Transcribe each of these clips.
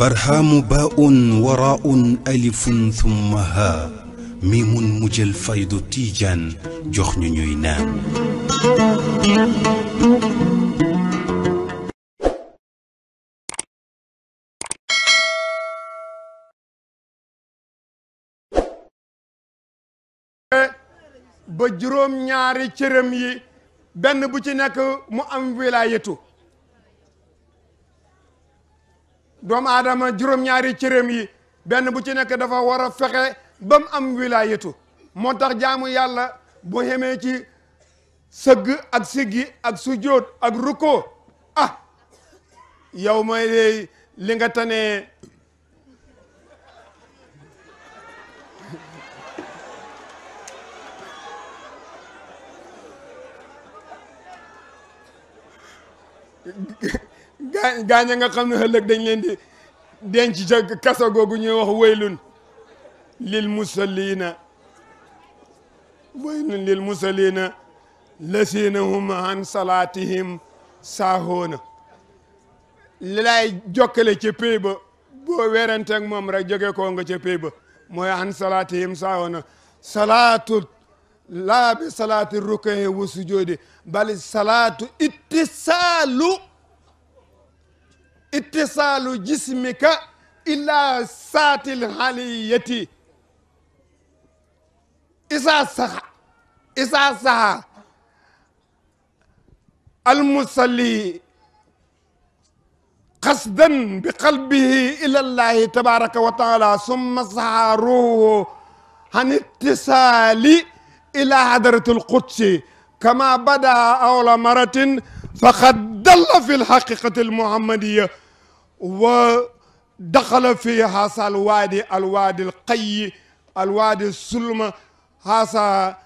barhaamu baaun waraaun alifun thumma haa mi mun mujjal faydu jox ñu ñuy naan. ba juróom ñaari cërëm yi benn bu ci nekk mu am wilaayatu doomu aadama juróom-ñaari cëram yi benn bu ci nekk dafa war a fexe bam mu am wilaayatu moo tax jaamu yàlla boo xemee ci sëgg ak siggi ak sujjóot ak rukkoo ah yow mooy léey li gaañ gaañ nga xam ne ëllëg dañ leen di denc ca kaso googu ñuy wax waylun lil musallina waylun lil musallina lasina hum an salaatihim saahoona li lay jokkale ca ba boo weeranteeg moom rek jóge koo nga ba mooy an salaatihim saahoona salaatu laa bi rukkee wa sujoodi bal salaatu ittisaalu اتصال جسمك إلى سات الحالية إذا صح إذا صح المصلي قصدا بقلبه إلى الله تبارك وتعالى ثم صح روحه عن اتصال إلى حضرة القدس كما بدا أول مرة فقد دل في الحقيقة المحمدية ودخل في هذا الوادي الوادي القي الوادي السلم هذا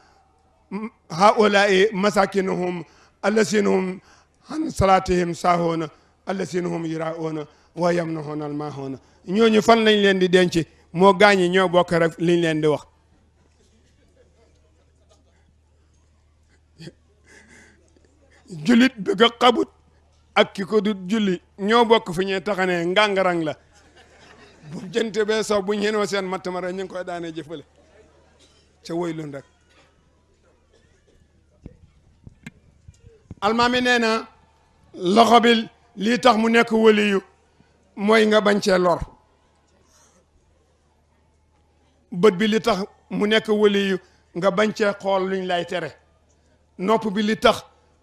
هؤلاء مساكنهم الذين هم عن صلاتهم ساهون الذين هم يراؤون ويمنحون الماهون ñooñu fan lañ leen di denc moo gaañi ñoo bokk rek liñ leen di wax jullit bi nga xabut ak ki ko du julli ñoo bokk fi ñuy taxanee ngangarang la bu jënte bee soo bu ñeenoo seen mattamara ñu ngi koy daanee jëfale ca woy lun rek nee na loxo bi lii tax mu nekk waliyu mooy nga bañ cee lor bët bi li tax mu nekk waliyu nga bañ cee xool luñ lay tere nopp bi li tax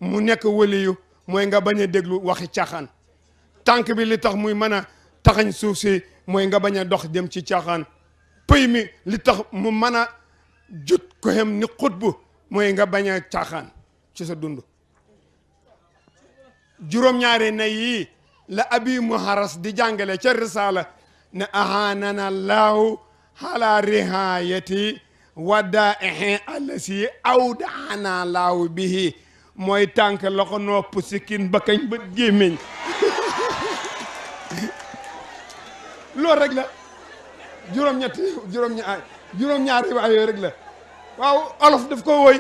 mu nekk waliyu mooy nga bañ a déglu waxi caaxaan tànk bi li tax muy mën a taxañ suuf si mooy nga bañ a dox dem ci caaxaan pëy mi li tax mu mën a jut ko xem ni xutbu mooy nga bañ a caaxaan ci sa dund juróom-ñaari na la abi muharas di jàngale ca risaala ne ahanana laahu ala rihayati wadda ehe allasi awdaana laahu bihi mooy tànk loxo nopp sikkin ba kañ ba gémmiñ loolu rek la juróom-ñett juróom-ñaar ah, juróom-ñaari waay yooyu rek la waaw olof daf ko woy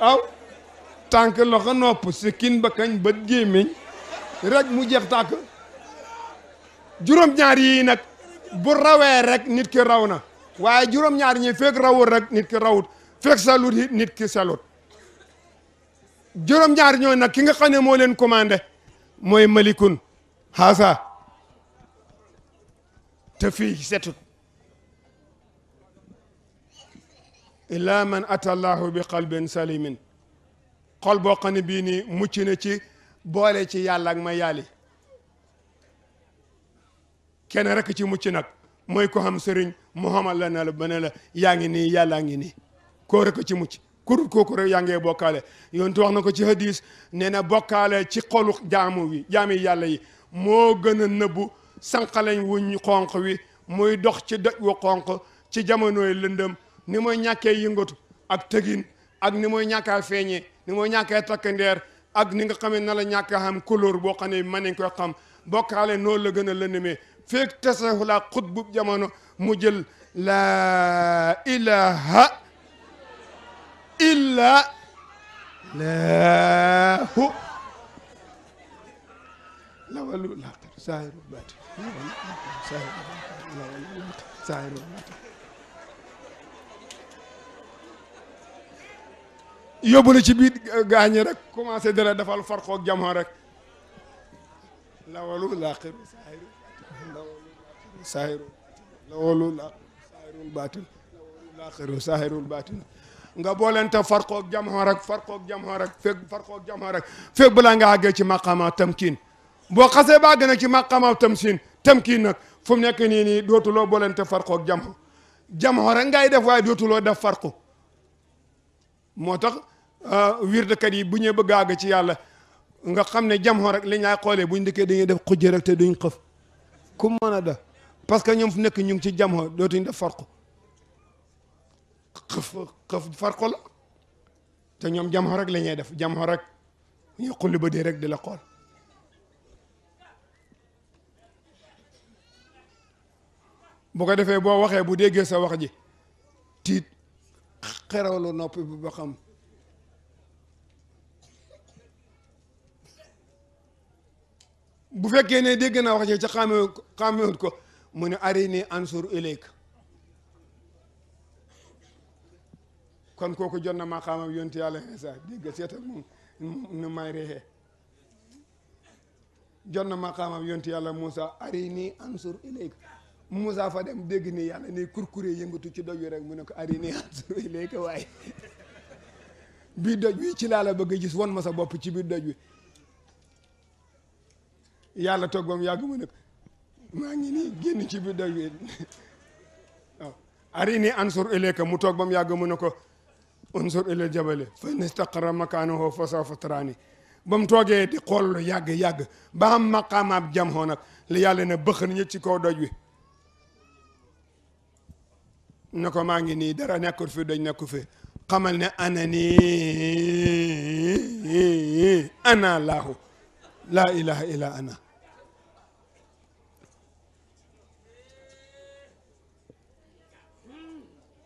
waaw tànk loxo nopp sikkin ba kañ ba gémmiñ rek mu jeex tàkk juróom-ñaar yii nag bu rawee rek nit ki raw na waaye juróom-ñaar ñi fekk rawul rek nit ki rawut fekk salut nit ki salut juróom-ñaar ñoo nag ki nga xam ne moo leen commandé mooy malikun xaasa te fii setut illa man ata allahu bi qalbin salimin xol boo xam ne bii nii mucc na ci boole ci yàlla ak ma yàlli kenn rek ci mucc nag mooy ko xam sëriñ mu la la ba ne la yaa ngi nii yàllaa ngi nii koo ci mucc kurut kooku rek yaa ngee bokkaale yonent wax na ko ci hadis nee na bokkaale ci xolu jaamu wi jaami yàlla yi moo gën a nëbbu sànqaleñ wuñ xonq wi muy dox ci doj wu xonq ci jamonoy lëndëm ni mooy ñàkkee yëngatu ak tegin ak ni mooy ñàkkaa feeñee ni mooy ñàkkee takk ak ni nga xamee na la ñàkkaa xam couleur boo xam ne mën nañ koy xam bokkaale noonu la gën a lëndëmee feek tasawulaa xut bu jamono mu jël laa ilaha illaa laahu lawalu laqi zahiru baati zahiru baati yóbbu na ci biir gaañi rek commencé dara dafal farqoo ak jamono rek lawalu laaqiru saahiru saahiru lawalu laaqiru saahirul baatin lawalu laaqiru saahirul baatin nga boolente farqoog jamxoo rek farqoog jamxoo rek fekk farqoog rek balaa nga àggee ci maqama tamkin boo xasee ba àgg na ci maqama tamsin tamkin nag fu mu nekk nii nii dootuloo boolente farqoog jamxoo jamxoo rek ngay def waaye dootuloo def farqu moo tax euh, wirdkat yi bu ñu bëgg àgg ci yàlla nga xam ne jamxoo rek li ñaay xoolee buñ dikkee dañuy def xujj rek te duñ xëf ku mën a da parce que ñoom fu nekk ñu ngi ci jamxoo dootuñ def farqu xëf xëf farko la te ñoom jam rek la def jam xo rek ñu xulli ba dee rek di la xool bu ko defee boo waxee bu déggee sa wax ji tiit xerawlu noppi bi ba xam bu fekkee ne dégg naa wax ji ca xaamewut ko mu ne arini ansur ilayk kon kooku jot na maqaamam yonti yàlla Iisaa dégg nga nu may reexee jot na maqaamam yonti yàlla Moussa fa dem yàlla ni kurkure yëngatu ci doj rek mu ne ko ari nii ansur ilayka waaye la bëgg gis won ma sa bopp ci biir doj wi yàlla toog mu ci biir doj wi oh. mu toog bam yàgg mu ne ko unsur ila jabale fa in istaqara makaanahu fa sawfa taraani ba mu toogee di xool lu yàgg yàgg ba am maqaamaab jam hoo nag li yàlla ne bëxën ñi ci kaw doj wi ne ko maa ngi nii dara nekkul fi doj nekkul fi xamal ne ana nii ana laahu laa ilaha illa ana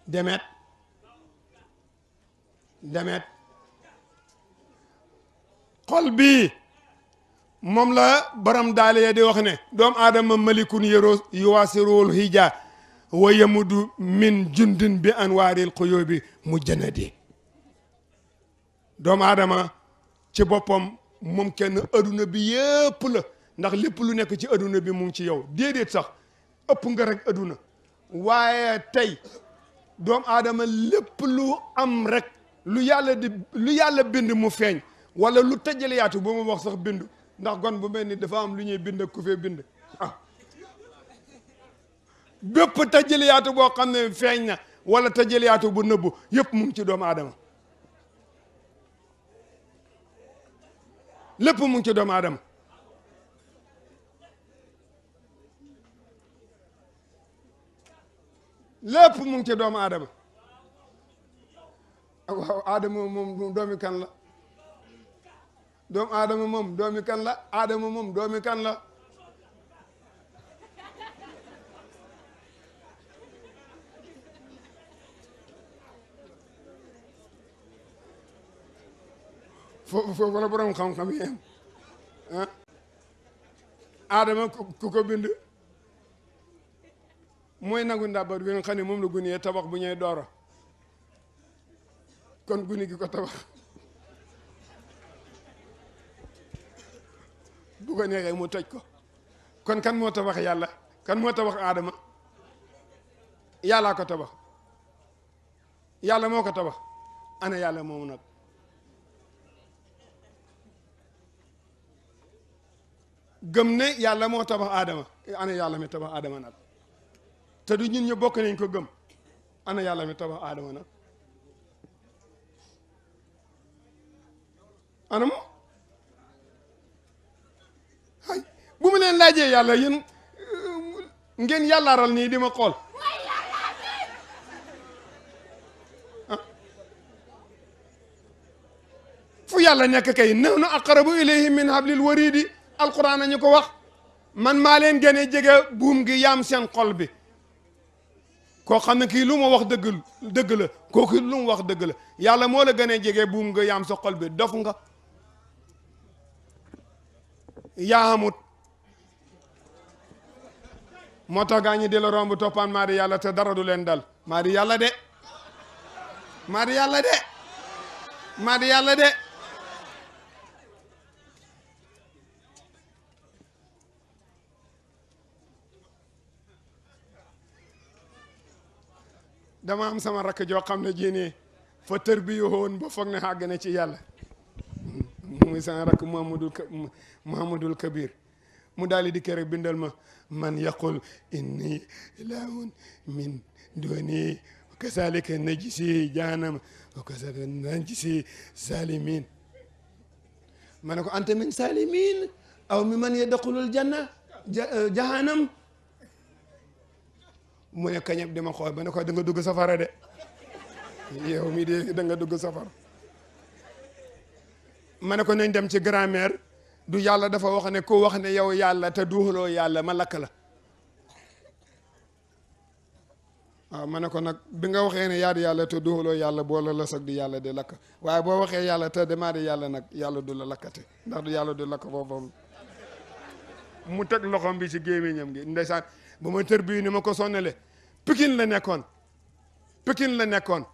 demet demet xol bi moom la borom daale di wax doom doomu aadama malikun yëroo yuwaasirul hija wa yamudu min jundin bi anwaaril xuyóobi mu jënadi doomu aadama ci boppam moom kenn aduna bi yëpp la ndax lépp lu nekk ci adduna bi mu ngi ci yow déedéet sax ëpp nga rek adduna waaye tey doomu aadama lépp lu am rek lu yàlla di bind mu feeñ wala lu tëjale yaatu bu mu wax sax bind ndax gon bu mel ni dafa am lu ñuy bind ak ku bind ah bépp tëjale yaatu xam ne feeñ na wala tëjale yaatu bu nëbbu yëpp mu ngi ci doomu aadama lépp mun ngi ci doomu aadama lépp mu ngi ci doomu aadama ak waaw moom doomi kan la doom aadama moom doomi kan la aadama moom doomi kan la foofu foofu la borom xam-xam yi am ah aadama ku ko bind mooy nagu ndàbbat bi nga xam ne moom la gunee tabax bu ñuy doora kon gune gi ko tabax bu ko neexee mu toj ko kon kan moo tabax yàlla kan moo tabax aadama yàlla ko tabax yàlla moo ko tabax ana yàlla moomu nag gëm ne yàlla moo tabax aadama ana yàlla mi tabax aadama nag te du ñun ñu bokk nañ ko gëm ana yàlla mi tabax aadama nag ana moom ay bu mu leen laajee yàlla yéen euh, ngeen yàllaaral nii di ma xool ah. fu yàlla nekk kay nahnu aqrabu ilayhi min hablil waridi alquran nañu ko wax man maa leen gën a jege buum gi yaam seen xol bi koo xam ne kii lu ma wax dëgg dëgg la kooku lu mu wax dëgg yàlla moo la gën jege buum nga yaam sa xol bi dof nga yaa moo tax gaa ñi di la toppaan maa di yàlla te dara du leen dal maa di yàlla de maa di yàlla de maa di yàlla de dama am sama rakk joo xam ne jii nii fa tër bi yowoon ne àgg na ci yàlla muy sa rak mahamadul mahamadul kabir mu daal di kere bindal ma man yaqul inni ilahun min duni kasalika najisi jahannama wa kasalika najisi zalimin manako ne anta min salimin aw mi man yadxulul janna eh, jahannam mu ne kañab dama xoy ba da nga dugg safara de yow mi de da nga dugg safara ma ne ko nañ dem ci grammaire du yàlla dafa wax ne ku wax ne yow yàlla te duuxaloo yàlla ma lakk la waaw ma ne ko nag bi nga waxee ne yaa yàlla te duuxaloo yàlla boo la la sag di yàlla di lakk waaye boo waxee yàlla te damaa yàlla nag yàlla du la lakkate ndax du yàlla du lakk boppam mu teg loxom bi ci gémmiñam gi ndeysaan ba ma tër bii ni ma ko sonnale pikin la nekkoon pikin la nekkoon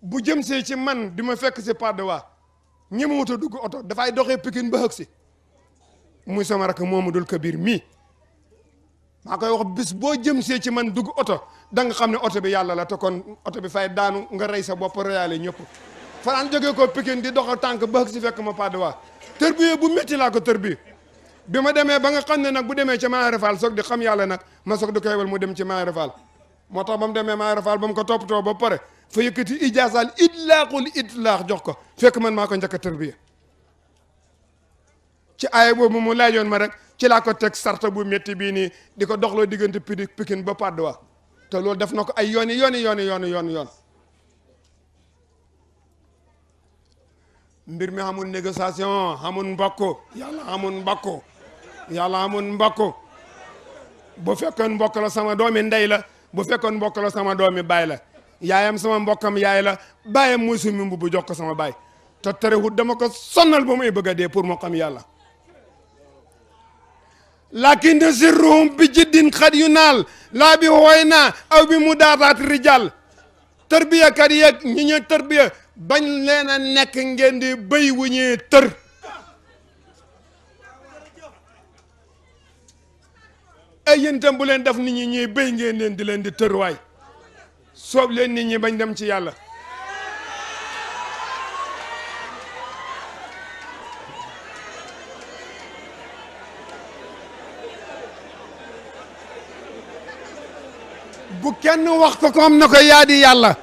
bu jëm see ci man di ma fekk si Patte d'Oie ñemewut a dugg oto dafay doxee pikin ba xëg si muy sama rakk Mamadou Kabir mii maa koy wax bis boo jëm see ci man dugg oto da nga xam ne oto bi yàlla la te kon oto bi fay daanu nga rey sa bopp reyaale ñëpp fanaan jógee ko Pikine di doxa tànk ba xëg si fekk ma paadawaa tërbiyee bu métti laa ko tërbiyee bi ma demee ba nga xam ne nag bu demee ci Maara Fall soog di xam yàlla nag ma soog di koy wal mu dem ci Maara Fall moo tax ba mu demee Maara Fall ba ko topp toppatoo ba pare fa yëkkati ijaasal itlaaqul itlaax jox ko fekk man maa ko njëkk a tërbiya ci aaya boobu mu laajoon ma rek ci laa ko teg sarta bu métti bii nii di ko doxloo diggante pidi pikin ba Padoa te loolu def na ko ay yooni yooni yooni yooni yoon mbir mi amul négociation amul mbokko yàlla amul mbokko yàlla amul mbokko bu fekkoon mbokk la sama doomi ndey la bu fekkoon mbokk sama doom mi baay la yaayam sama mbokkam yaay la baayam mooy summi mbubb jox ko sama baay te terewut dama ko sonnal ba muy bëgg a dee pour mu xam yàlla lakin de sirruhum bi jiddin xat yu naal laa bi naa aw bi mu daataat rijal tërbiyakat yeeg ñi ñu tërbiya bañ leen a nekk ngeen di béy wu ñuy tër ay yéen itam bu leen def ni ñi ñuy béy ngeen leen di leen di tërwaay soob leen nit ñi bañ dem ci yàlla bu kenn wax ko comme na ko yaa di yàlla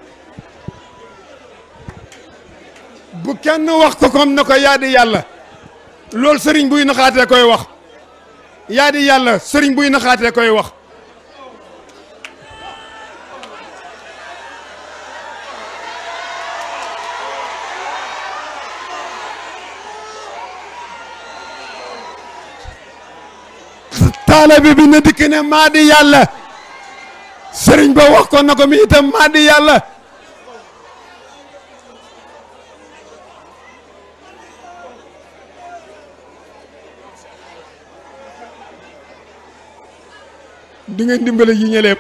bu kenn wax ko comme na yàlla loolu sëriñ buy naxaatee koy wax yaa di yàlla sëriñ buy naxaatee koy wax taalibe bi na dikk ne maa di yàlla sëriñ ba wax ko ko mi itam maa di yàlla di ngeen dimbale ji ñëleeb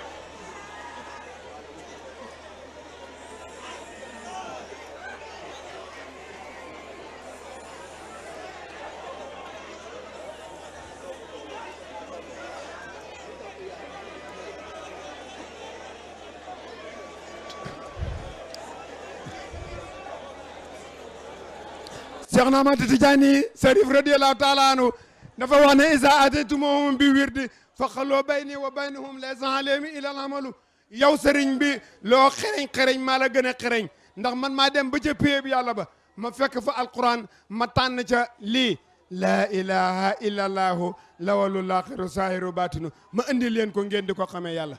Cheikh Ahmad Tidiane Sarif radiyallahu taala anhu dafa wax ne isa aataytumuhum bi فخلوا بيني وبينهم لا زعلم الى العمل يو سرين بي لو خرين خرين مالا غنا خرين دا من ما دم بجي بي بي يالا با ما فك في القران ما تان لي لا اله الا الله لول الاخر ساهر باتن ما اندي لين كو ngend كو خامي يالا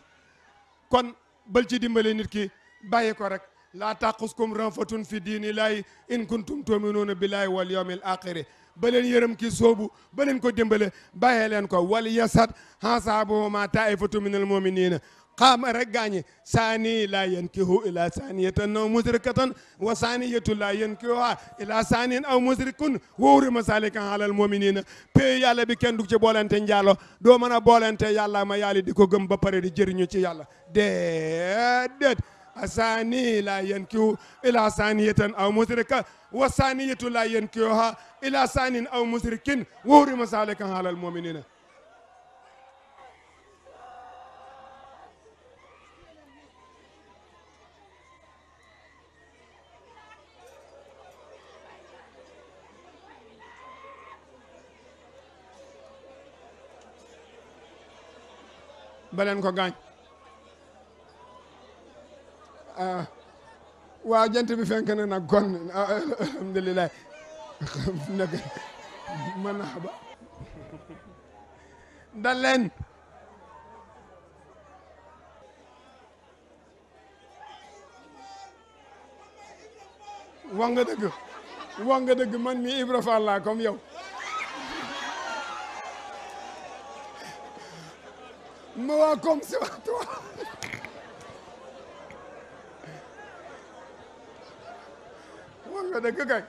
كون بل سي ديمبالي نيت كي بايكو رك لا تقصكم رنفتون في دين الله ان كنتم تؤمنون بالله واليوم الاخر ba leen yërëm ki soobu ba ko dimbale bàyyee leen ko wal yasat hansaboma taifatu minal muminina xaama rek gaañi saani laa yankihu ila saaniyatan aw musrikatan wa saaniyatu laa yankihuha ila saanin aw musrikun wa hurima salika alal muminina pay yàlla bi kenn du ci boolente njaalo doo mën a boolente yàlla ma yàlla di ko gëm ba pare di jëriñu ci yàlla déedéet ثاني لا ينكو إلى ثانية أو مشركة والثانية لا ينكوها إلى ثان أو مشرك وهرم مسالك على المؤمنين baleen كو غاني Ah, waa jant bi fenk na nag kon ah, alhamdulilah nag manaaba dal leen wax nga dëgg wax nga dëgg man mi Ibra Fall laa comme yow moi comme c'est toi nga dëgg kay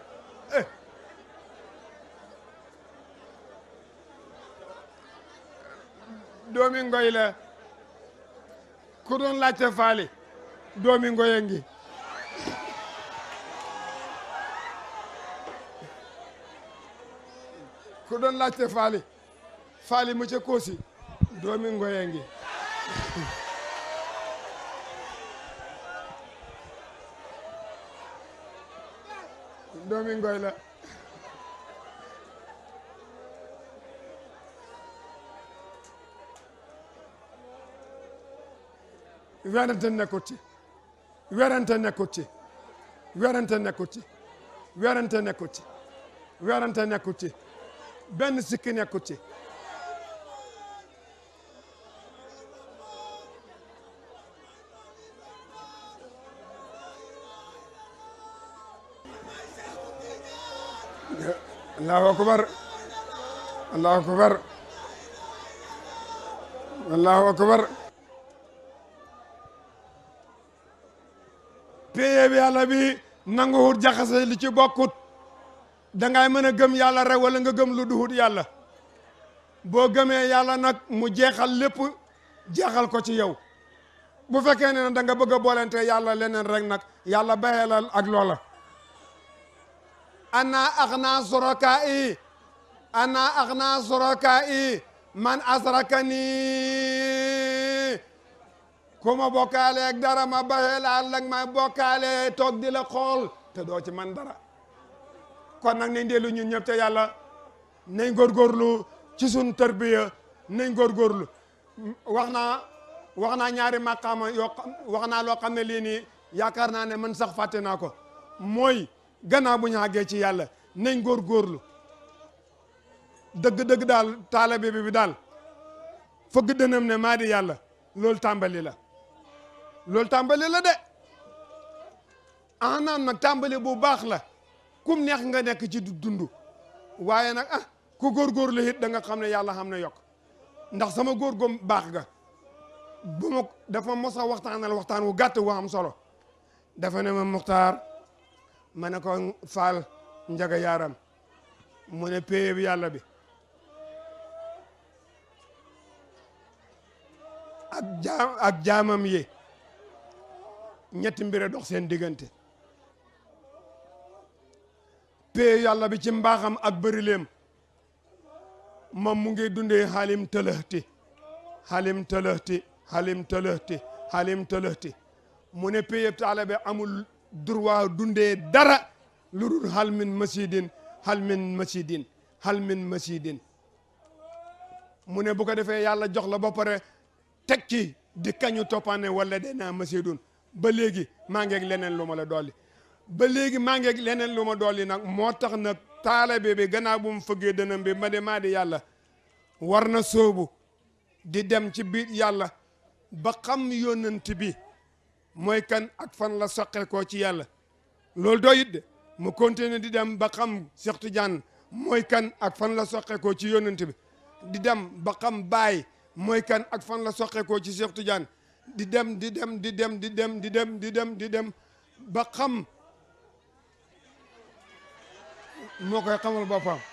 doomi ngoy la ku doon laajte faali doomi ngoy a ngi ku doon laajte faali faali mu ca doomi ngoy a ngi doomi ngoy la werante nekkut ci werante nekkut ci werante nekkut ci werante nekkut ci werante nekkut ci benn sikki nekkut ci allahu akbar allahu akbar allahu akbar bi yàlla bi nanguwut jaxase li ci bokkut dangay mën gëm yàlla rek wala nga gëm lu duhut yàlla boo gëmee yàlla nag mu jeexal lépp jeexal ko ci yow bu fekkee ne da nga bëgg a yàlla leneen rek nag yàlla bayelal ak loola ana aghna shuraka'i ana aghna shuraka'i man asrakani ku ma bokkaaleeg dara ma baxee laal lag ma bokkaale toog di la xool te doo ci man dara kon nag nañ dellu ñun ñëpp te yàlla nañ góorgóorlu ci sun tarbiya nañ góorgóorlu wax naa wax naa ñaari maqaama yoo wax naa loo xam ne lii nii yaakaar naa ne man sax fàtte naa ko mooy gannaaw bu ñu àggee ci yàlla nañ góorgóorlu dëgg-dëgg daal taalibe bi daal fëgg dënam ne maa di yàlla loolu tàmbali la loolu tàmbali la de anam nag tàmbali bu baax la kum neex nga nekk ci dundu waaye nag a ah, ko ku góorgóorlu it da danga xam ne yàlla xam na yokk ndax sama góorgóom baax ga bu ma dafa mos a waxtaan wu gàtt wu am solo dafa ne ma Muxtaar ma ne ko faal njaga yaaram mu ne péye yàlla bi ak jaamam yi ñetti mbir dox seen diggante péye yàlla bi ci mbaaxam ak bërileem moom mu ngi dunde xaalim tëlëxti xaalim tëlëxti xaalim tëlëxti xaalim tëlëxti mu ne péye taala amul droit dundee dara lu dul hal min masidin hal min masidin hal mu ne bu ko defee yàlla jox la ba pare teg ci di kañu toppaane walla de naa masidun ba léegi maa ngeeg leneen lu ma la dolli ba léegi maa ngeeg leneen lu ma dolli nag moo tax nag taalibe bi gannaaw bu mu fëggee dënam bi ma de maa di yàlla war na soobu di dem ci biir yàlla ba xam yónnent bi mooy kan ak fan la soqeekoo ci yàlla loolu doo it mu continuer di dem ba xam Cheikh Tidiane mooy kan ak fan la soqeekoo ci yonent bi di dem ba xam baay mooy kan ak fan la soqeekoo ci Cheikh Tidiane di dem di dem di dem di dem di dem di dem di dem ba xam moo koy xamal boppam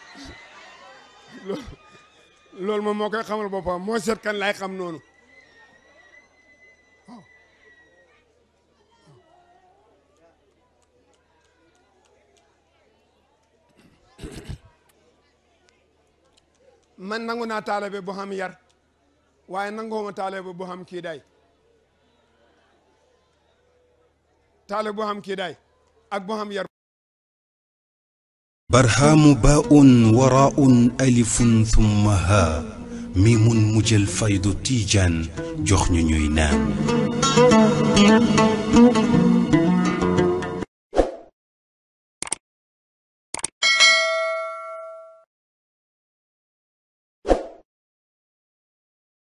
loolu moom moo koy xamal boppam moo seet kan laay xam noonu man nangu naa taalibe bu xam yar waaye nanguwuma taalibe bu xam kii day taalibe bu xam kii day ak bu xam yar barhamu baun waraun alifun thumma ha